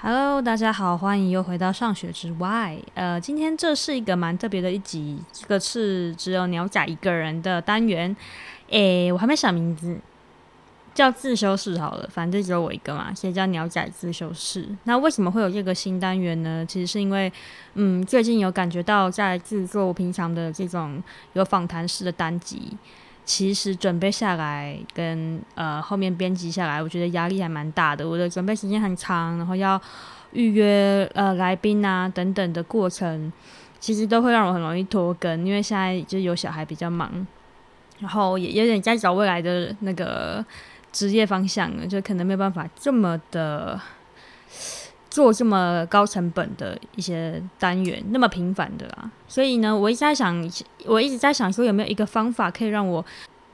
Hello，大家好，歡迎又回到上學之外。呃，今天這是一個蠻特別的一集，這個是只有鳥仔一個人的單元。誒、欸，我還沒想名字，叫自修室好了，反正只有我一個嘛，先叫鳥仔自修室。那為什麼會有這個新單元呢？其實是因為，嗯，最近有感覺到在製作平常的這種有訪談式的單集。其實準備下來跟呃後面編輯下來，我覺得壓力還蠻大的。我的準備時間很長，然後要預約呃來賓吶、啊、等等的過程，其實都會讓我很容易拖更，因為現在就有小孩比較忙，然後也有點在找未來的那個職業方向，就可能沒有辦法這麼的。做這麼高成本的一些單元，那麼頻繁的啦、啊。所以呢，我一直在想，我一直在想說，有沒有一個方法可以讓我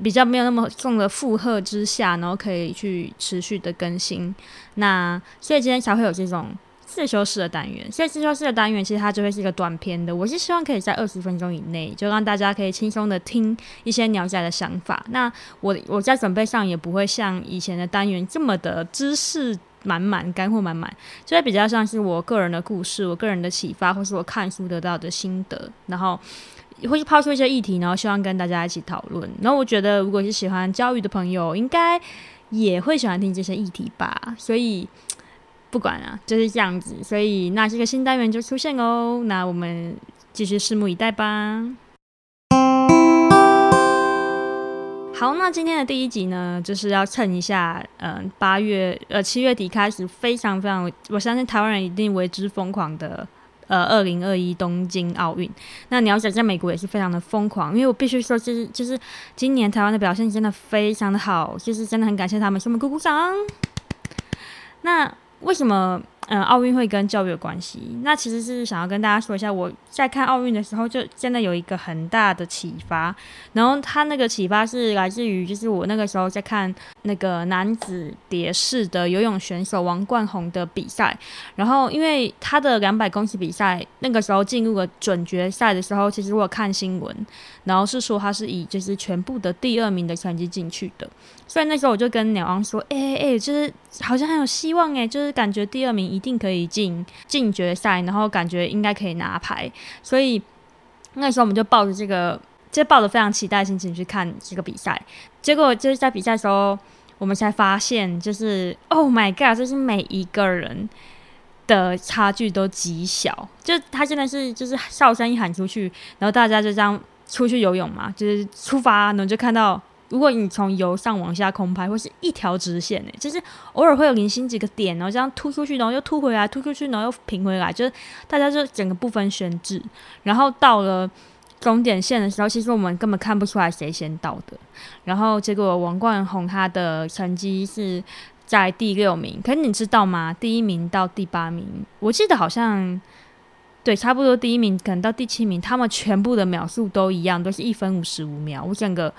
比較沒有那麼重的負荷之下，然後可以去持續的更新。那所以今天才會有這種自修室的單元，所以自修室的單元其實它就會是一個短篇的。我是希望可以在二十分鐘以內，就讓大家可以輕鬆的聽一些鳥仔的想法。那我我在準備上也不會像以前的單元這麼的知識。滿滿乾貨滿滿，所以比較像是我個人的故事、我個人的啟發，或是我看書得到的心得，然後會拋出一些議題，然後希望跟大家一起討論。然後我覺得，如果是喜歡教育的朋友，應該也會喜歡聽這些議題吧。所以不管啊，就是這樣子。所以那這個新單元就出現哦，那我們繼續拭目以待吧。好，那今天的第一集呢，就是要蹭一下，嗯、呃，八月，呃，七月底開始，非常非常，我相信台灣人一定為之瘋狂的，呃，二零二一東京奧運。那你要想，在美國也是非常的瘋狂，因為我必須說，就是就是今年台灣的表現真的非常的好，就是真的很感謝他們，給我們鼓鼓掌。那為什麼？嗯，奧運會跟教育有關係。那其實是想要跟大家說一下，我在看奧運的時候，就真的有一個很大的啟發。然後他那個啟發是來自於，就是我那個時候在看那個男子蝶式的游泳選手王冠宏的比賽。然後因為他的兩百公尺比賽，那個時候進入了準決賽的時候，其實我看新聞，然後是說他是以就是全部的第二名的成績進去的。所以那時候我就跟鳥王說：“哎、欸、哎、欸、就是好像很有希望哎、欸，就是感覺第二名。”一定可以進進決賽，然後感覺應該可以拿牌，所以那時候我們就抱着這個，就抱着非常期待的心情去看這個比賽。結果就是在比賽的時候，我們才發現，就是 Oh my God！就是每一個人的差距都極小，就是他現在是就是哨聲一喊出去，然後大家就這樣出去游泳嘛，就是出發，然後就看到。如果你從由上往下空拍，會是一條直線呢？欸？就是偶爾會有零星幾個點，然後這樣突出去，然後又突回來，突出去，然後又平回來，就是大家就整個不分軒輊，然後到了終點線的時候，其實我們根本看不出來誰先到的。然後結果王冠閎他的成績是在第六名，可是你知道嗎？第一名到第八名，我記得好像對，差不多第一名可能到第七名，他們全部的秒數都一樣，都是一分五十五秒。我整個。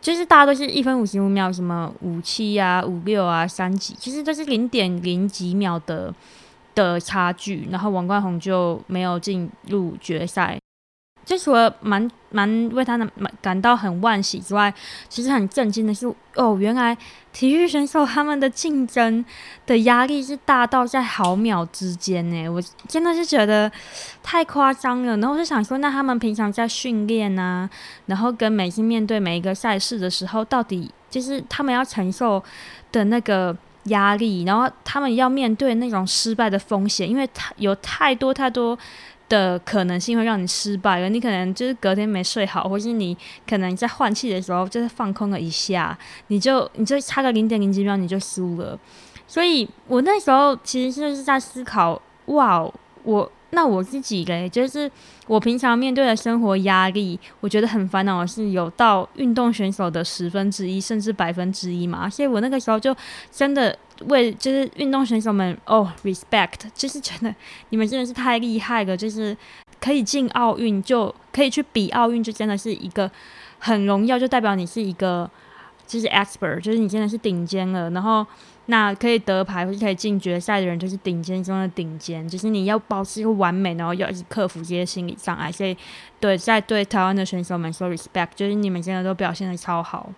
就是大家都是一分五十五秒，什麼五七啊、五六啊、三級，其實都是零點零幾秒的的差距，然後王冠宏就沒有進入決賽。就除了蠻蠻為他蠻感到很惋惜之外，其實很震驚的是，哦，原來體育選手他們的競爭的壓力是大到在毫秒之間呢、欸。我真的是覺得太誇張了。然後我就想說，那他們平常在訓練啊，然後跟每次面對每一個賽事的時候，到底就是他們要承受的那個壓力，然後他們要面對那種失敗的風險，因為太有太多太多。的可能性會讓你失敗，你可能就是隔天沒睡好，或是你可能在換氣的時候就是放空了一下，你就你就差個零點零幾秒你就輸了。所以我那時候其實就是在思考，哇，我那我自己嘞？就是我平常面對的生活壓力，我覺得很煩惱，是有到運動選手的十分之一甚至百分之一嘛？所以我那個時候就真的。為就是運動選手們哦、oh，respect，就是真的，你們真的是太厲害了，就是可以進奧運就可以去比奧運，就真的是一個很榮耀，就代表你是一個就是 expert，就是你真的是頂尖了。然後那可以得牌或是可以進決賽的人，就是頂尖中的頂尖，就是你要保持完美，然後要一直克服這些心理障礙。所以對在對台灣的選手們說、so，respect，就是你們真的都表現得超好。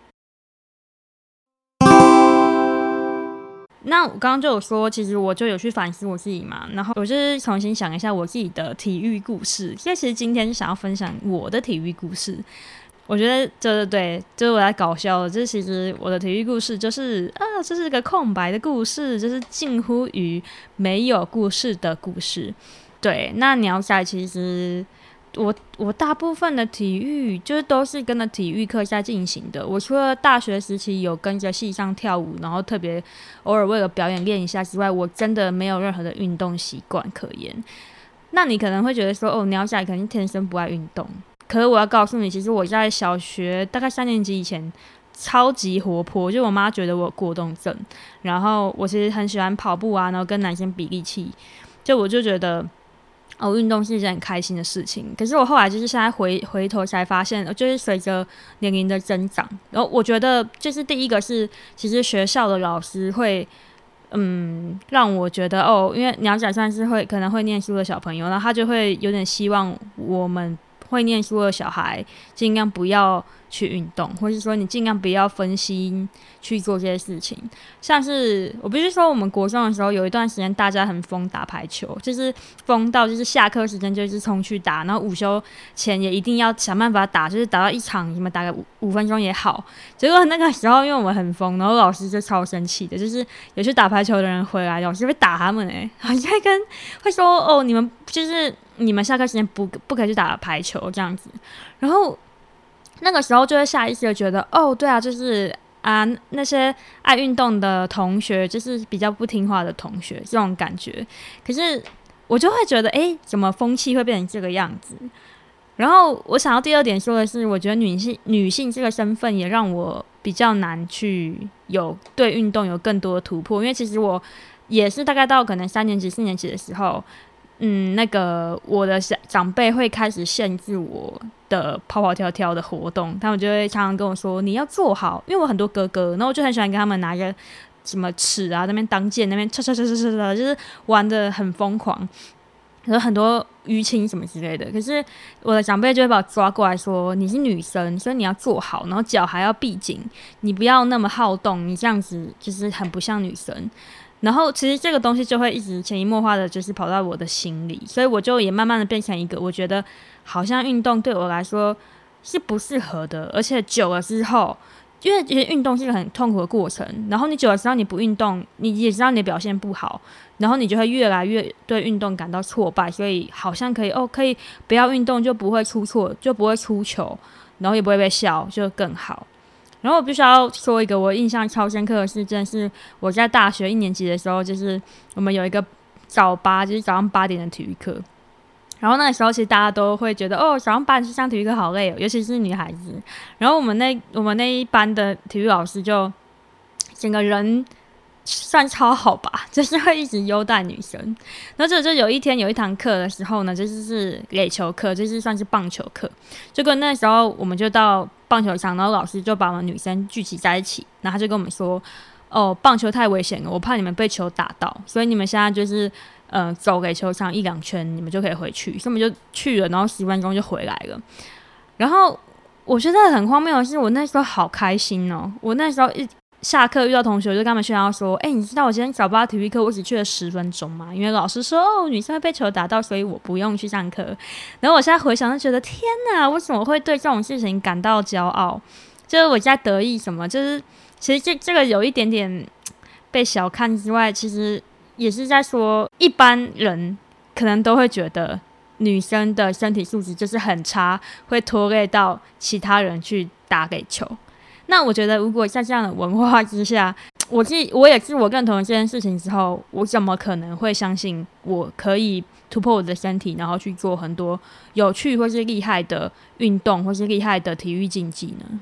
那我剛剛就有說，其實我就有去反思我自己嘛，然後我就是重新想一下我自己的體育故事。所以其實今天想要分享我的體育故事。我覺得對對、就是、對，就是我在搞笑。這、就是、其實我的體育故事就是啊，這是一個空白的故事，就是近乎於沒有故事的故事。對，那鳥仔其實。我我大部分的體育就是都是跟着體育課在進行的。我除了大學時期有跟着系上跳舞，然後特別偶爾為了表演練一下之外，我真的沒有任何的運動習慣可言。那你可能會覺得說，哦，你鳥仔肯定天生不愛運動。可是我要告訴你，其實我在小學大概三年級以前超級活潑，就我媽覺得我過動症。然後我其實很喜歡跑步啊，然後跟男生比力氣，就我就覺得。哦，運動是一件很開心的事情。可是我後來就是現在回回頭才發現，就是隨着年齡的增長，然後我覺得就是第一個是，其實學校的老師會，嗯，讓我覺得哦，因為鳥仔算是會可能會念書的小朋友，然後他就會有點希望我們會念書的小孩儘量不要。去運動，或是說你儘量不要分心去做這些事情。像是我不是說我們國中的時候有一段時間大家很瘋打排球，就是瘋到就是下課時間就是衝去打，然後午休前也一定要想辦法打，就是打到一場什麼打個五五分鐘也好。結果那個時候因為我們很瘋，然後老師就超生氣的，就是有去打排球的人回來，老師會打他們哎、欸，會跟會說哦，你們就是你們下課時間不不可以去打排球這樣子，然後。那個時候就會下意識的覺得，哦，對啊，就是啊，那些愛運動的同學，就是比較不聽話的同學，這種感覺。可是我就會覺得，哎、欸，怎麼風氣會變成這個樣子？然後我想要第二點說的是，我覺得女性女性這個身份也讓我比較難去有對運動有更多的突破，因為其實我也是大概到可能三年級、四年級的時候。嗯，那個我的小長輩會開始限制我的跑跑跳跳的活動，他們就會常常跟我說：“你要做好。”因為我很多哥哥，然後我就很喜歡跟他們拿個什麼尺啊那邊當劍，那邊擦擦擦擦擦，就是玩得很瘋狂。有很多淤青什麼之類的，可是我的長輩就會把我抓過來說：“你是女生，所以你要坐好，然後腳還要閉緊，你不要那麼好動，你這樣子就是很不像女生。”然後其實這個東西就會一直潛移默化的就是跑到我的心裡，所以我就也慢慢的變成一個我覺得好像運動對我來說是不適合的，而且久了之後。因為其實運動是一個很痛苦的過程，然後你久了知道你不運動，你也知道你的表現不好，然後你就會越來越對運動感到挫敗，所以好像可以哦，可以不要運動就不會出錯，就不會出糗，然後也不會被笑，就更好。然後我必須要說一個我印象超深刻的事件是，我在大學一年級的時候，就是我們有一個早八，就是早上八點的體育課。然後那個時候其實大家都會覺得哦，早上八點去上體育課好累哦，尤其是女孩子。然後我們那我們那一班的體育老師就整個人算超好吧，就是會一直優待女生。那這就有一天有一堂課的時候呢，就是是壘球課，就是算是棒球課。就跟那時候我們就到棒球場，然後老師就把我們女生聚集在一起，然後他就跟我們說哦，棒球太危險了，我怕你們被球打到，所以你們現在就是。嗯，走給球場一兩圈，你們就可以回去，這麼就去了，然後十分鐘就回來了。然後我覺得很荒謬的是，我那時候好開心哦、喔！我那時候一下課遇到同學，我就跟他們炫耀說：“哎、欸，你知道我今天早八體育課我只去了十分鐘嗎？因為老師說哦，女生會被球打到，所以我不用去上課。”然後我現在回想，就覺得天哪，為什麼會對這種事情感到驕傲？就是我在得意什麼？就是其實這這個有一點點被小看之外，其實。也是在說，一般人可能都會覺得女生的身體素質就是很差，會拖累到其他人去打壘球。那我覺得，如果在這樣的文化之下，我記我也是我認同的這件事情之後，我怎麼可能會相信我可以突破我的身體，然後去做很多有趣或是厲害的運動或是厲害的體育競技呢？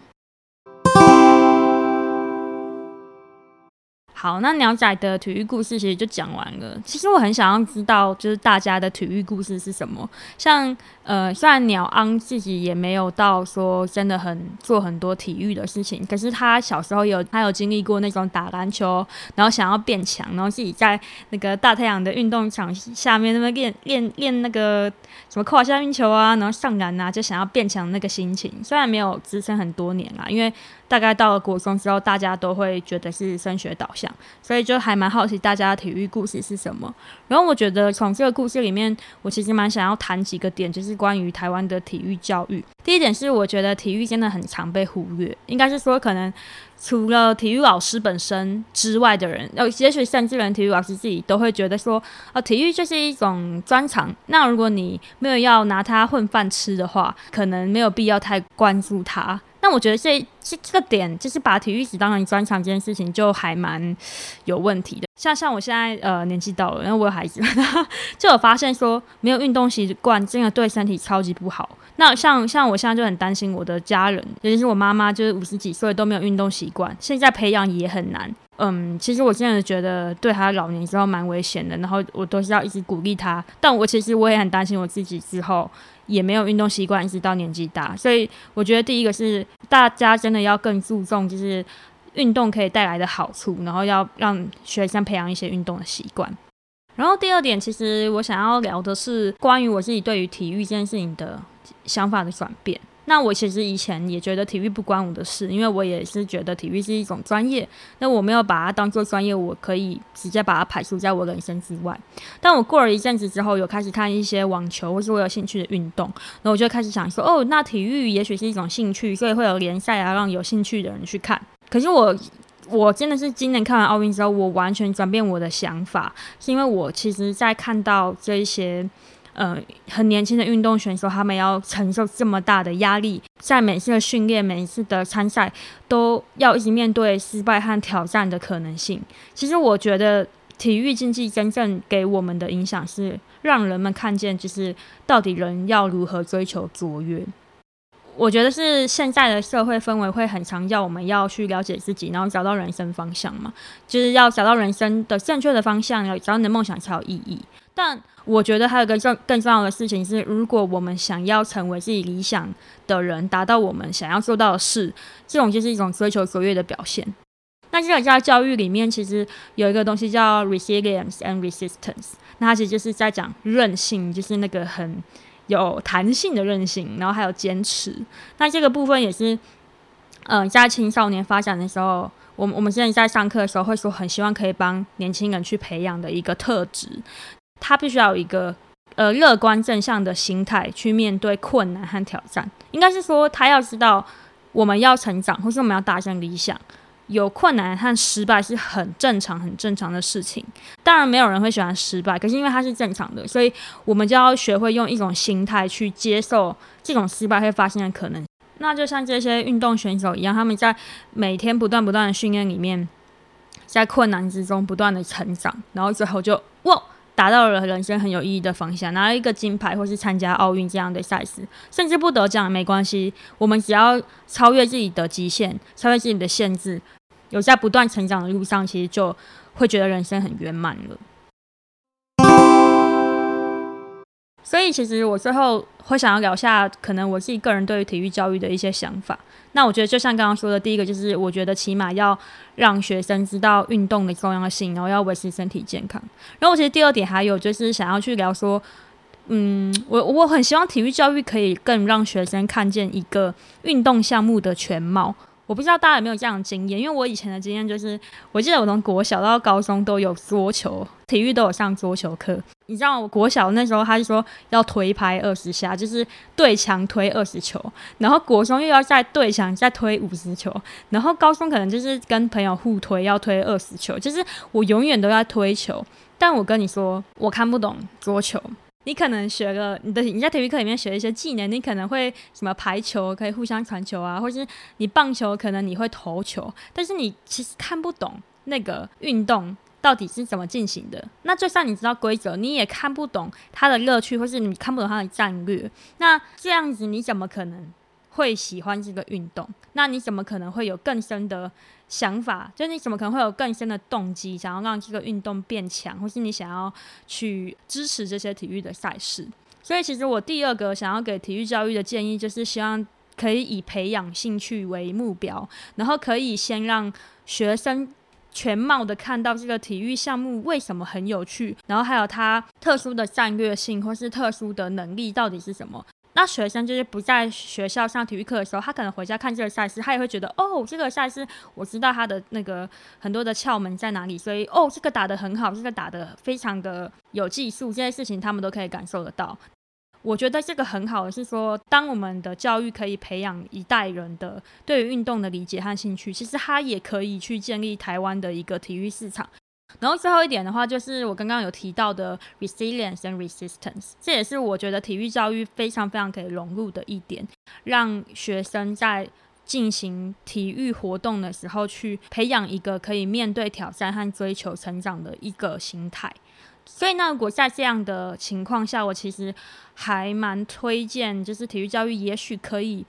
好，那鳥仔的體育故事其實就講完了。其實我很想要知道，就是大家的體育故事是什麼。像呃，雖然鳥 ㄤ 自己也沒有到說真的很做很多體育的事情，可是他小時候有，他有經歷過那種打籃球，然後想要變強，然後自己在那個大太陽的運動場下面那邊練練練那個什麼胯下運球啊，然後上籃啊，就想要變強那個心情。雖然沒有支撐很多年啦、啊，因為大概到了國中之後，大家都會覺得是升學導向。所以就還蠻好奇大家的體育故事是什麼，然後我覺得從這個故事裡面，我其實蠻想要談幾個點，就是關於台灣的體育教育。第一點是我覺得體育真的很常被忽略，應該是說可能。除了體育老師本身之外的人，呃，也許像這些人，體育老師自己都會覺得說，啊、呃，體育就是一種專長。那如果你沒有要拿它混飯吃的話，可能沒有必要太關注它。那我覺得這這這個點，就是把體育只當成專長這件事情，就還蠻有問題的。像像我現在呃年紀到了，因為我有孩子了，就有發現說，沒有運動習慣真的對身體超級不好。那像像我現在就很擔心我的家人，尤其是我媽媽，就是五十幾歲都沒有運動習慣，現在培養也很難。嗯，其實我真的覺得對她老年之後蠻危險的，然後我都是要一直鼓勵她。但我其實我也很擔心我自己之後也沒有運動習慣，一直到年紀大。所以我覺得第一個是大家真的要更注重，就是運動可以帶來的好處，然後要讓學生培養一些運動的習慣。然後第二點，其實我想要聊的是關於我自己對於體育這件事情的想法的轉變。那我其實以前也覺得體育不關我的事，因為我也是覺得體育是一種專業。那我沒有把它當做專業，我可以直接把它排除在我人生之外。但我過了一陣子之後，有開始看一些網球或是我有興趣的運動，那我就開始想說，哦，那體育也許是一種興趣，所以會有聯賽啊，讓有興趣的人去看。可是我。我真的是今年看完奧運之後，我完全轉變我的想法，是因為我其實，在看到這一些，呃，很年輕的運動選手，他們要承受這麼大的壓力，在每次的訓練、每一次的參賽，都要一直面對失敗和挑戰的可能性。其實，我覺得體育競技真正給我們的影響是，讓人們看見，就是到底人要如何追求卓越。我覺得是現在的社會氛圍會很強調我們要去了解自己，然後找到人生方向嘛，就是要找到人生的正確的方向，然後找到你的夢想才有意義。但我覺得還有一個更更重要的事情是，如果我們想要成為自己理想的人，達到我們想要做到的事，這種就是一種追求卓越的表現。那這個在教育裡面其實有一個東西叫 resilience and resistance，那它其實就是在講韌性，就是那個很。有彈性的韌性，然後還有堅持，那這個部分也是，嗯、呃，在青少年發展的時候，我們我們現在在上課的時候會說，很希望可以幫年輕人去培養的一個特質，他必須要有一個呃樂觀正向的心態去面對困難和挑戰，應該是說他要知道我們要成長，或是我們要達成理想。有困難和失敗是很正常、很正常的事情。當然，沒有人會喜歡失敗，可是因為它是正常的，所以我們就要學會用一種心態去接受這種失敗會發生的可能。那就像這些運動選手一樣，他們在每天不斷不斷的訓練裡面，在困難之中不斷的成長，然後最後就哇！達到了人生很有意義的方向，拿一個金牌或是參加奧運這樣的賽事，甚至不得獎沒關係，我們只要超越自己的極限，超越自己的限制，有在不斷成長的路上，其實就會覺得人生很圓滿了。所以，其實我最後會想要聊下，可能我自己個人對於體育教育的一些想法。那我覺得，就像剛剛說的，第一個就是，我覺得起碼要讓學生知道運動的重要性，然後要維持身體健康。然後，其實第二點還有就是，想要去聊說，嗯，我我很希望體育教育可以更讓學生看見一個運動項目的全貌。我不知道大家有沒有這樣的經驗？因為我以前的經驗就是，我記得我從國小到高中都有桌球，體育都有上桌球課。你知道，我國小那時候他就說要推拍二十下，就是對牆推二十球，然後國中又要再對牆再推五十球，然後高中可能就是跟朋友互推，要推二十球。就是我永遠都在推球，但我跟你說，我看不懂桌球。你可能學了你的你在體育課裡面學一些技能，你可能會什麼排球可以互相傳球啊，或是你棒球可能你會投球，但是你其實看不懂那個運動到底是怎麼進行的。那就算你知道規則，你也看不懂它的樂趣，或是你看不懂它的戰略。那這樣子你怎麼可能？會喜歡這個運動，那你怎麼可能會有更深的想法？就你怎麼可能會有更深的動機，想要讓這個運動變強，或是你想要去支持這些體育的賽事。所以，其實我第二個想要給體育教育的建議，就是希望可以以培養興趣為目標，然後可以先讓學生全貌的看到這個體育項目為什麼很有趣，然後還有它特殊的戰略性或是特殊的能力到底是什麼。那學生就是不在學校上體育課的時候，他可能回家看這個賽事，他也會覺得哦，這個賽事我知道他的那個很多的竅門在哪裡，所以哦，這個打得很好，這個打得非常的有技術，這些事情他們都可以感受得到。我覺得這個很好的是說，當我們的教育可以培養一代人的對於運動的理解和興趣，其實他也可以去建立台灣的一個體育市場。然後最後一點的話，就是我剛剛有提到的 resilience and resistance，這也是我覺得體育教育非常非常可以融入的一點，讓學生在進行體育活動的時候，去培養一個可以面對挑戰和追求成長的一個心態。所以呢，如果在這樣的情況下，我其實還蠻推薦，就是體育教育也許可以。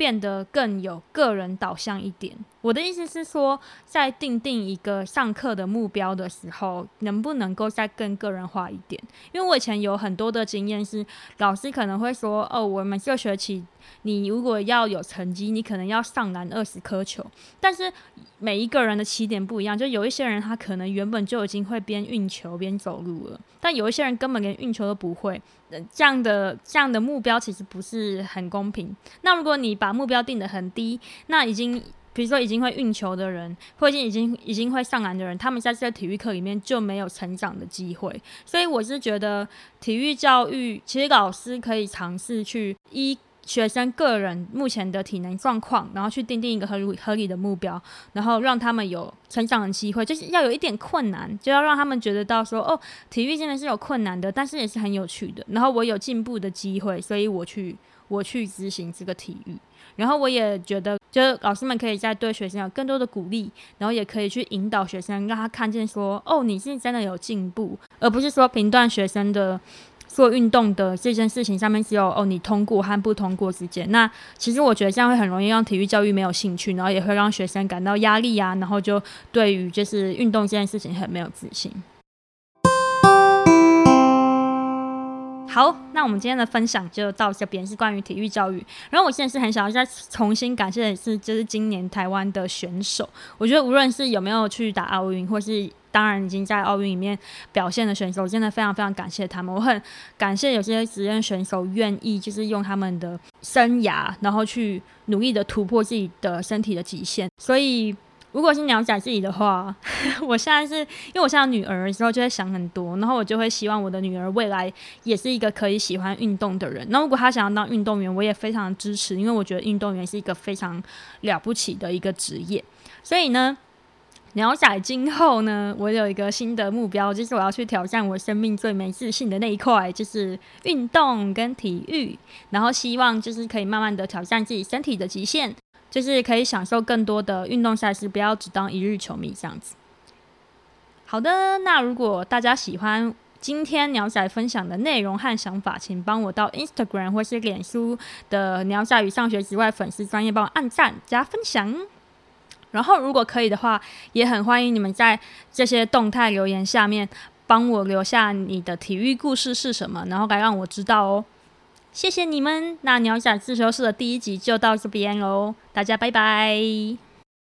變得更有個人導向一點。我的意思是說，在訂定一個上課的目標的時候，能不能夠再更個人化一點？因為我以前有很多的經驗是，老師可能會說：“哦，我們這學期你如果要有成績，你可能要上籃二十顆球。”但是每一個人的起點不一樣，就有一些人他可能原本就已經會邊運球邊走路了，但有一些人根本連運球都不會。這樣的這樣的目標其實不是很公平。那如果你把目標定得很低，那已經比如說，已經會運球的人，或者已經已經已經會上籃的人，他們在這個體育課裡面就沒有成長的機會。所以我是覺得體育教育，其實老師可以嘗試去一。學生個人目前的體能狀況，然後去訂定一個合理合理的目標，然後讓他們有成長的機會，就是要有一點困難，就要讓他們覺得到說，哦，體育真的是有困難的，但是也是很有趣的。然後我有進步的機會，所以我去我去執行這個體育。然後我也覺得，就是老師們可以再對學生有更多的鼓勵，然後也可以去引導學生，讓他看見說，哦，你是真的有進步，而不是說評斷學生的。做運動的這件事情，上面只有哦，你通過和不通過之間。那其實我覺得這樣會很容易讓體育教育沒有興趣，然後也會讓學生感到壓力啊，然後就對於就是運動這件事情很沒有自信。嗯。好，那我們今天的分享就到這邊，是關於體育教育。然後我現在是很想要再重新感謝的是，就是今年台灣的選手。我覺得無論是有沒有去打奧運，或是當然，已經在奧運裡面表現的選手，真的非常非常感謝他們。我很感謝有些職業選手願意就是用他們的生涯，然後去努力的突破自己的身體的極限。所以，如果是你要講自己的話，呵呵，我現在是因為我像女兒的時候就會想很多，然後我就會希望我的女兒未來也是一個可以喜歡運動的人。那如果她想要當運動員，我也非常支持，因為我覺得運動員是一個非常了不起的一個職業。所以呢。鳥仔今後呢，我有一個新的目標，就是我要去挑戰我生命最沒自信的那一塊，就是運動跟體育。然後希望就是可以慢慢的挑戰自己身體的極限，就是可以享受更多的運動賽事，不要只當一日球迷這樣子。好的，那如果大家喜歡今天鳥仔分享的內容和想法，請幫我到 Instagram 或是臉書的鳥仔與上學之 WHY 粉絲專頁幫我按讚加分享。然後，如果可以的話，也很歡迎你們在這些動態留言下面幫我留下你的體育故事是什麼，然後來讓我知道哦。謝謝你們，那《鳥仔自修室》的第一集就到這邊嘍，大家拜拜。